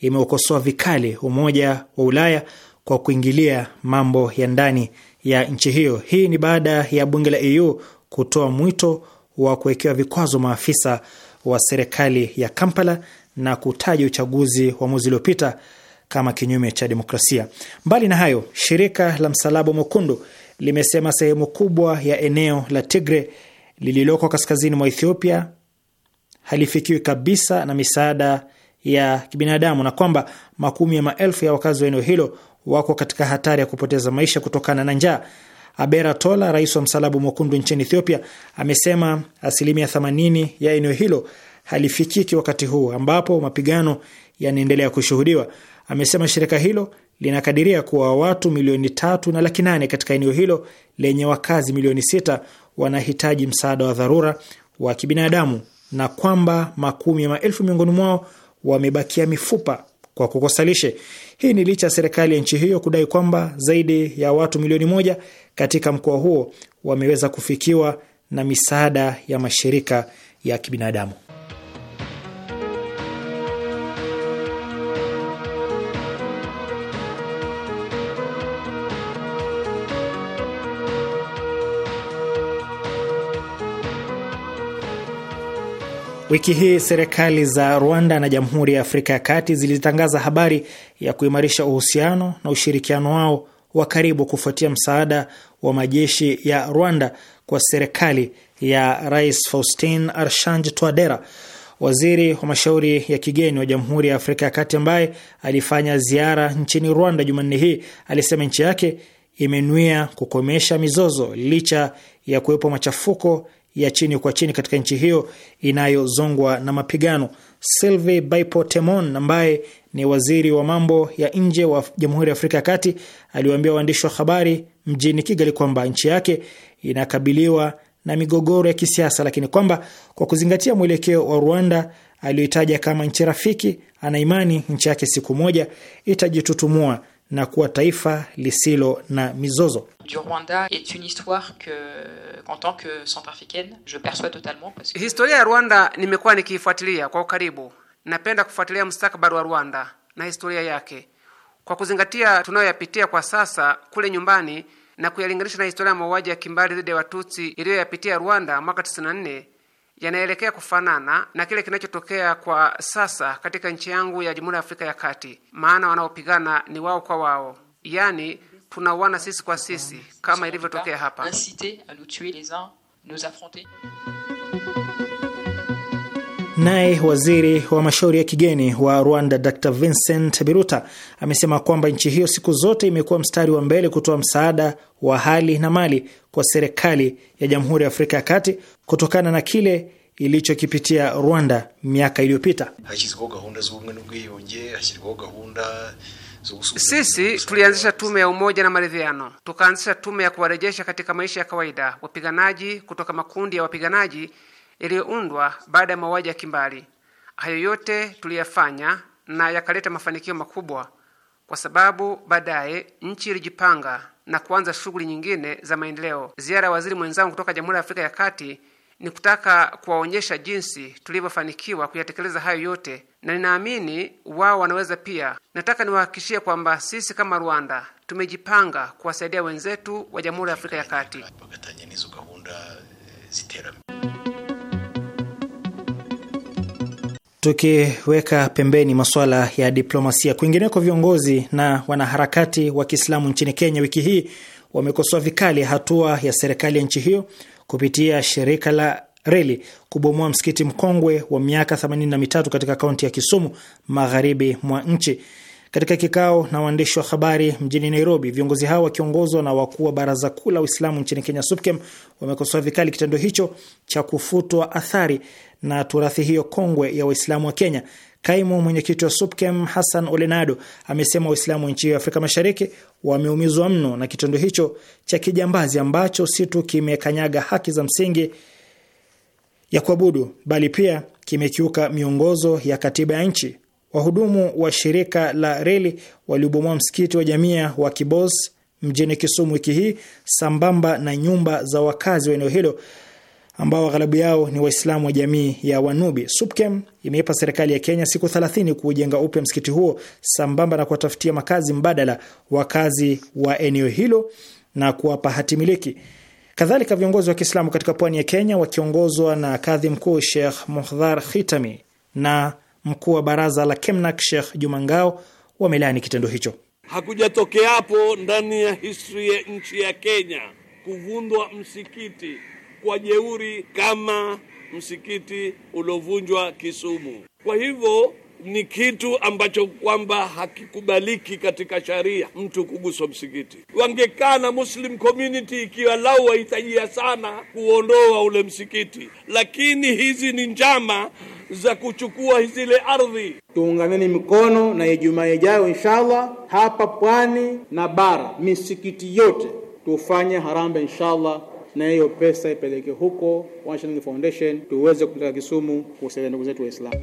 imeukosoa vikali Umoja wa Ulaya kwa kuingilia mambo ya ndani ya nchi hiyo. Hii ni baada ya bunge la EU kutoa mwito wa kuwekewa vikwazo maafisa wa serikali ya Kampala na kutaja uchaguzi wa mwezi uliopita kama kinyume cha demokrasia. Mbali na hayo, shirika la Msalaba Mwekundu limesema sehemu kubwa ya eneo la Tigre lililoko kaskazini mwa Ethiopia halifikiwi kabisa na misaada ya kibinadamu na kwamba makumi ya maelfu ya wakazi wa eneo hilo wako katika hatari ya kupoteza maisha kutokana na njaa. Abera Tola, rais wa Msalabu Mwekundu nchini Ethiopia, amesema asilimia 80 ya eneo hilo halifikiki wakati huu ambapo mapigano yanaendelea kushuhudiwa. Amesema shirika hilo linakadiria kuwa watu milioni tatu na laki nane katika eneo hilo lenye wakazi milioni sita wanahitaji msaada wa dharura wa kibinadamu na kwamba makumi ya maelfu miongoni mwao wamebakia mifupa kwa kukosa lishe. Hii ni licha ya serikali ya nchi hiyo kudai kwamba zaidi ya watu milioni moja katika mkoa huo wameweza kufikiwa na misaada ya mashirika ya kibinadamu. Wiki hii serikali za Rwanda na Jamhuri ya Afrika ya Kati zilitangaza habari ya kuimarisha uhusiano na ushirikiano wao wa karibu kufuatia msaada wa majeshi ya Rwanda kwa serikali ya Rais Faustin Archange Touadera. Waziri wa mashauri ya kigeni wa Jamhuri ya Afrika ya Kati ambaye alifanya ziara nchini Rwanda Jumanne hii alisema nchi yake imenuia kukomesha mizozo licha ya kuwepo machafuko ya chini kwa chini katika nchi hiyo inayozongwa na mapigano. Sylvie Baipo ambaye ni waziri wa mambo ya nje wa Jamhuri ya Afrika ya Kati aliwaambia waandishi wa habari mjini Kigali kwamba nchi yake inakabiliwa na migogoro ya kisiasa, lakini kwamba kwa kuzingatia mwelekeo wa Rwanda aliyoitaja kama nchi rafiki, anaimani nchi yake siku moja itajitutumua na kuwa taifa lisilo na mizozo. Historia ya Rwanda nimekuwa nikiifuatilia kwa ukaribu. Napenda kufuatilia mustakabali wa Rwanda na historia yake kwa kuzingatia tunayoyapitia kwa sasa kule nyumbani na kuyalinganisha na historia ya mauaji ya kimbari dhidi ya Watutsi iliyoyapitia Rwanda mwaka 94 yanaelekea kufanana na kile kinachotokea kwa sasa katika nchi yangu ya Jamhuri ya Afrika ya Kati, maana wanaopigana ni wao kwa wao, yaani tunauana sisi kwa sisi kama ilivyotokea hapa. Naye waziri wa mashauri ya kigeni wa Rwanda Dr Vincent Biruta amesema kwamba nchi hiyo siku zote imekuwa mstari wa mbele kutoa msaada wa hali na mali kwa serikali ya Jamhuri ya Afrika ya Kati kutokana na kile ilichokipitia Rwanda miaka iliyopita. Sisi tulianzisha tume ya umoja na maridhiano, tukaanzisha tume ya kuwarejesha katika maisha ya kawaida wapiganaji kutoka makundi ya wapiganaji iliyoundwa baada ya mauaji ya kimbali. Hayo yote tuliyafanya na yakaleta mafanikio makubwa, kwa sababu baadaye nchi ilijipanga na kuanza shughuli nyingine za maendeleo. Ziara ya waziri mwenzangu kutoka Jamhuri ya Afrika ya Kati ni kutaka kuwaonyesha jinsi tulivyofanikiwa kuyatekeleza hayo yote, na ninaamini wao wanaweza pia. Nataka niwahakikishie kwamba sisi kama Rwanda tumejipanga kuwasaidia wenzetu wa Jamhuri ya Afrika ya Kati. Tukiweka pembeni masuala ya diplomasia, kwingineko, viongozi na wanaharakati wa Kiislamu nchini Kenya wiki hii wamekosoa vikali hatua ya serikali ya nchi hiyo kupitia shirika la reli kubomoa msikiti mkongwe wa miaka 83 katika kaunti ya Kisumu, magharibi mwa nchi. Katika kikao na waandishi wa habari mjini Nairobi, viongozi hao wakiongozwa na wakuu wa Baraza Kuu la Uislamu nchini Kenya, SUPKEM, wamekosoa vikali kitendo hicho cha kufutwa athari na turathi hiyo kongwe ya Waislamu wa Kenya. Kaimu mwenyekiti wa SUPKEM Hassan Olenado amesema Waislamu wa nchi hiyo ya Afrika Mashariki wameumizwa mno na kitendo hicho cha kijambazi ambacho si tu kimekanyaga haki za msingi ya kuabudu bali pia kimekiuka miongozo ya katiba ya nchi. Wahudumu wa shirika la reli waliobomoa msikiti wa jamia wa Kibos mjini Kisumu wiki hii sambamba na nyumba za wakazi wa eneo hilo ambao aghalabu yao ni Waislamu wa jamii ya Wanubi. SUPKEM imeipa serikali ya Kenya siku 30 kuujenga upya msikiti huo sambamba na kuwatafutia makazi mbadala wakazi wa eneo hilo na kuwapa hati miliki. Kadhalika, viongozi wa Kiislamu katika pwani ya Kenya wakiongozwa na kadhi mkuu Sheikh Muhdhar Khitami na mkuu wa baraza la Kemnak Sheikh Juma Ngao wamelaani kitendo hicho. Hakujatokea hapo ndani ya historia ya nchi ya Kenya kuvundwa msikiti kwa jeuri kama msikiti uliovunjwa Kisumu. Kwa hivyo ni kitu ambacho kwamba hakikubaliki katika sharia mtu kuguswa msikiti. Wangekaa na Muslim community ikiwa lau wahitajia sana kuondoa ule msikiti, lakini hizi ni njama za kuchukua zile ardhi. Tuunganeni mikono na Ijumaa ijayo inshallah, hapa pwani na bara, misikiti yote tufanye harambe inshallah na hiyo pesa ipeleke huko One Shilingi Foundation, tuweze kupeleka Kisumu kusaidia ndugu zetu Waislamu.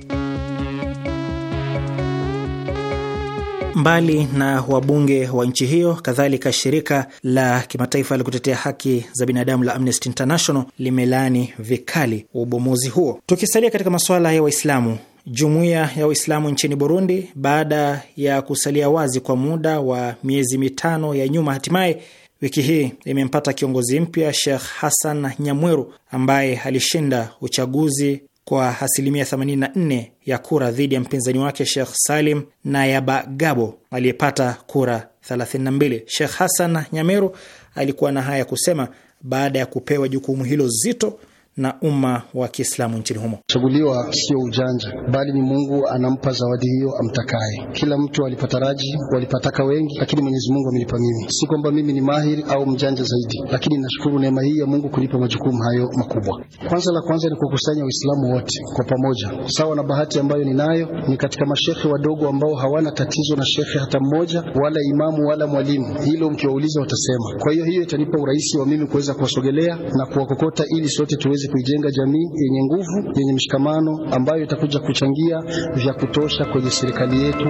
Mbali na wabunge wa nchi hiyo, kadhalika shirika la kimataifa la kutetea haki za binadamu la Amnesty International limelaani vikali ubomozi huo. Tukisalia katika masuala ya Waislamu, Jumuiya ya Waislamu nchini Burundi, baada ya kusalia wazi kwa muda wa miezi mitano ya nyuma, hatimaye wiki hii imempata kiongozi mpya Sheikh Hassan Nyamweru ambaye alishinda uchaguzi kwa asilimia 84 ya kura dhidi ya mpinzani wake Sheikh Salim Nayabagabo aliyepata kura 32. Sheikh Hassan Nyameru alikuwa na haya kusema baada ya kupewa jukumu hilo zito na umma wa Kiislamu nchini humo. Chaguliwa sio ujanja, bali ni Mungu anampa zawadi hiyo amtakaye. Kila mtu alipataraji, walipataka wengi, lakini Mwenyezi Mungu amenipa mimi. Si kwamba mimi ni mahiri au mjanja zaidi, lakini nashukuru neema hii ya Mungu kunipa majukumu hayo makubwa. Kwanza la kwanza ni kukusanya Waislamu wote kwa pamoja, sawa na bahati ambayo ninayo ni katika mashekhe wadogo ambao hawana tatizo na shekhe hata mmoja, wala imamu wala mwalimu. Hilo mkiwauliza watasema. Kwa hiyo hiyo itanipa urahisi wa mimi kuweza kuwasogelea na kuwakokota ili sote tuweze tuweze kuijenga jamii yenye nguvu, yenye mshikamano, ambayo itakuja kuchangia vya kutosha kwenye serikali yetu.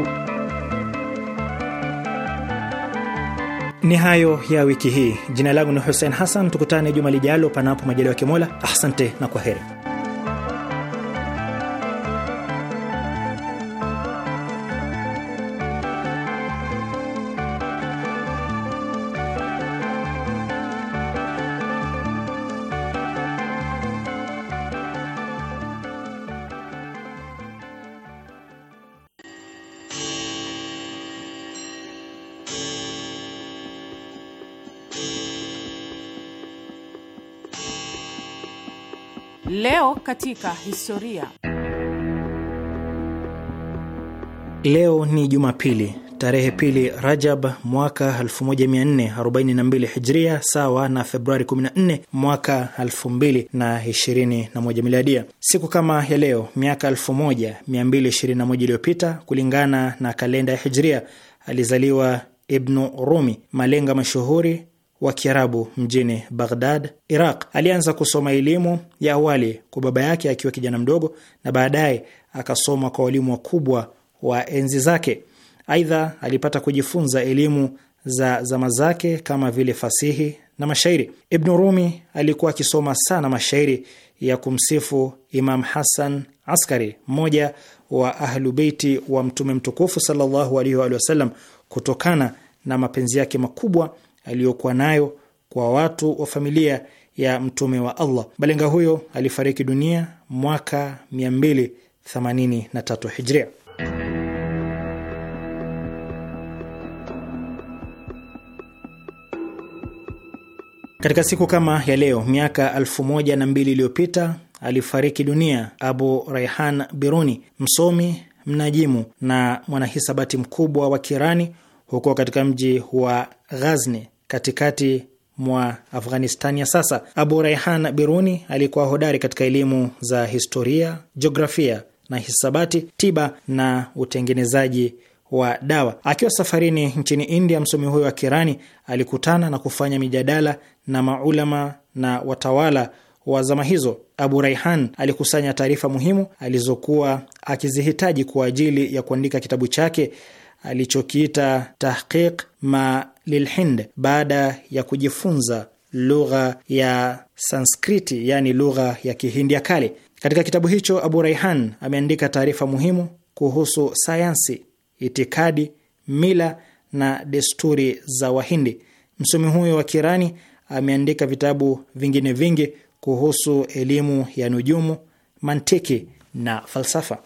Ni hayo ya wiki hii. Jina langu ni Hussein Hassan, tukutane juma lijalo, panapo majaliwa Kimola. Asante na kwa heri. katika historia. Leo ni Jumapili tarehe pili Rajab mwaka 1442 Hijria, sawa na Februari 14 mwaka 2021 Miladia. Siku kama ya leo miaka 1221 iliyopita kulingana na kalenda ya Hijria, alizaliwa Ibnu Rumi, malenga mashuhuri wa Kiarabu mjini Baghdad, Iraq. Alianza kusoma elimu ya awali kwa baba yake akiwa kijana mdogo na baadaye akasoma kwa walimu wakubwa wa enzi zake. Aidha, alipata kujifunza elimu za zama zake kama vile fasihi na mashairi. Ibn Rumi alikuwa akisoma sana mashairi ya kumsifu Imam hasan Askari, mmoja wa ahlubeiti wa Mtume mtukufu sallallahu alaihi wa sallam, kutokana na mapenzi yake makubwa aliyokuwa nayo kwa watu wa familia ya mtume wa Allah. Balenga huyo alifariki dunia mwaka 283 Hijria. Katika siku kama ya leo miaka elfu moja na mbili iliyopita alifariki dunia Abu Raihan Biruni, msomi, mnajimu na mwanahisabati mkubwa wa Kirani huko katika mji wa Ghazni katikati mwa Afghanistan ya sasa. Abu Raihan Biruni alikuwa hodari katika elimu za historia, jiografia na hisabati, tiba na utengenezaji wa dawa. Akiwa safarini nchini India, msomi huyo wa Kirani alikutana na kufanya mijadala na maulama na watawala wa zama hizo. Abu Raihan alikusanya taarifa muhimu alizokuwa akizihitaji kwa ajili ya kuandika kitabu chake alichokiita tahqiq ma lilhind baada ya kujifunza lugha ya Sanskriti, yaani lugha ya Kihindi ya kale. Katika kitabu hicho, Abu Raihan ameandika taarifa muhimu kuhusu sayansi, itikadi, mila na desturi za Wahindi. Msomi huyo wa Kirani ameandika vitabu vingine vingi kuhusu elimu ya nujumu, mantiki na falsafa.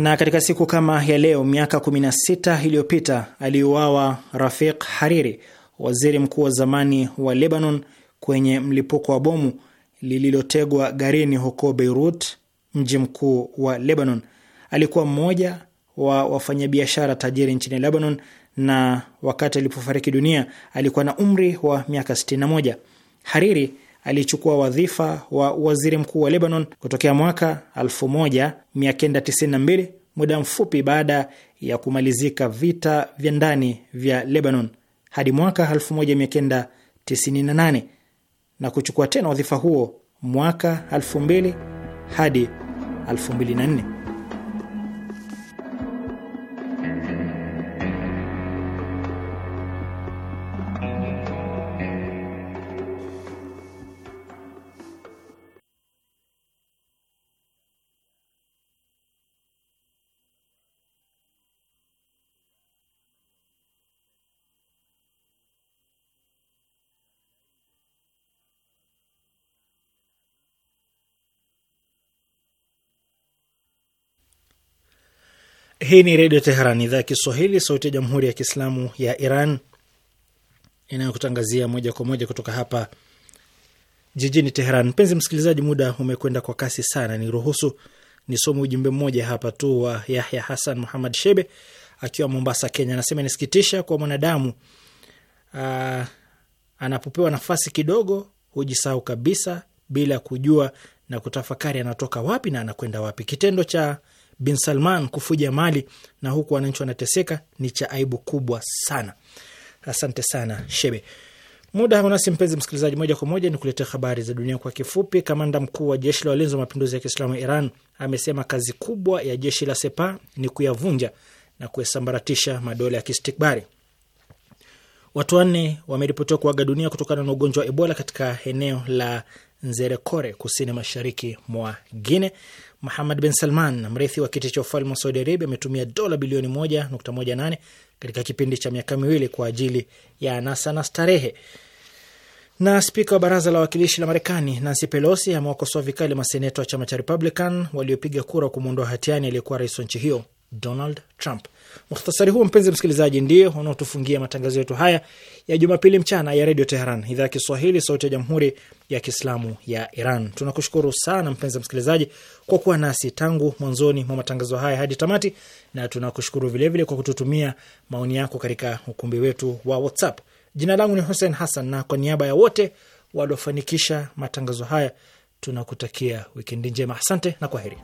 Na katika siku kama ya leo miaka 16 iliyopita aliuawa Rafiq Hariri, waziri mkuu wa zamani wa Lebanon, kwenye mlipuko wa bomu lililotegwa garini huko Beirut, mji mkuu wa Lebanon. Alikuwa mmoja wa wafanyabiashara tajiri nchini Lebanon, na wakati alipofariki dunia alikuwa na umri wa miaka 61. Hariri aliyechukua wadhifa wa waziri mkuu wa Lebanon kutokea mwaka 1992 muda mfupi baada ya kumalizika vita vya ndani vya Lebanon hadi mwaka 1998 na kuchukua tena wadhifa huo mwaka 2000 hadi 2004. Hii ni Redio Teheran, idhaa ya Kiswahili, sauti ya Jamhuri ya Kiislamu ya Iran, inayokutangazia moja kwa moja kutoka hapa jijini Teheran. Mpenzi msikilizaji, muda umekwenda kwa kasi sana, niruhusu nisome ujumbe mmoja hapa tu wa Yahya Hasan Muhamad Shebe akiwa Mombasa, Kenya. Anasema inasikitisha kwa mwanadamu ah, anapopewa nafasi kidogo hujisahau kabisa bila kujua na kutafakari anatoka wapi na anakwenda wapi. Kitendo cha bin Salman kufuja mali na huku wananchi wanateseka ni cha aibu kubwa sana. Asante sana Shebe. Muda unasi mpenzi msikilizaji, moja kwa moja ni kuletea habari za dunia kwa kifupi. Kamanda mkuu wa jeshi la walinzi wa mapinduzi ya Kiislamu Iran amesema kazi kubwa ya jeshi la Sepa ni kuyavunja na kuyasambaratisha madola ya kistikbari. Watu wanne wameripotiwa kuaga dunia kutokana na ugonjwa wa Ebola katika eneo la Nzerekore kusini mashariki mwa Guine. Muhammad bin Salman, mrithi wa kiti cha ufalme wa Saudi Arabia, ametumia dola bilioni nane katika kipindi cha miaka miwili kwa ajili ya anasa na starehe. Na spika wa baraza la wawakilishi la Marekani Nancy Pelosi amewakosoa vikali maseneta wa chama cha Republican waliopiga kura kumwondoa hatiani aliyekuwa rais wa nchi hiyo Donald Trump. Mukhtasari huo mpenzi msikilizaji, ndio unaotufungia matangazo yetu haya ya Jumapili mchana ya Redio Teheran, idhaa ya Kiswahili, sauti ya Jamhuri ya Kiislamu ya Iran. Tunakushukuru sana mpenzi msikilizaji kwa kuwa nasi tangu mwanzoni mwa matangazo haya hadi tamati, na tunakushukuru vilevile kwa kututumia maoni yako katika ukumbi wetu wa WhatsApp. Jina langu ni Hussein Hassan, na kwa niaba ya wote waliofanikisha matangazo haya tunakutakia wikendi njema. Asante na kwaheri.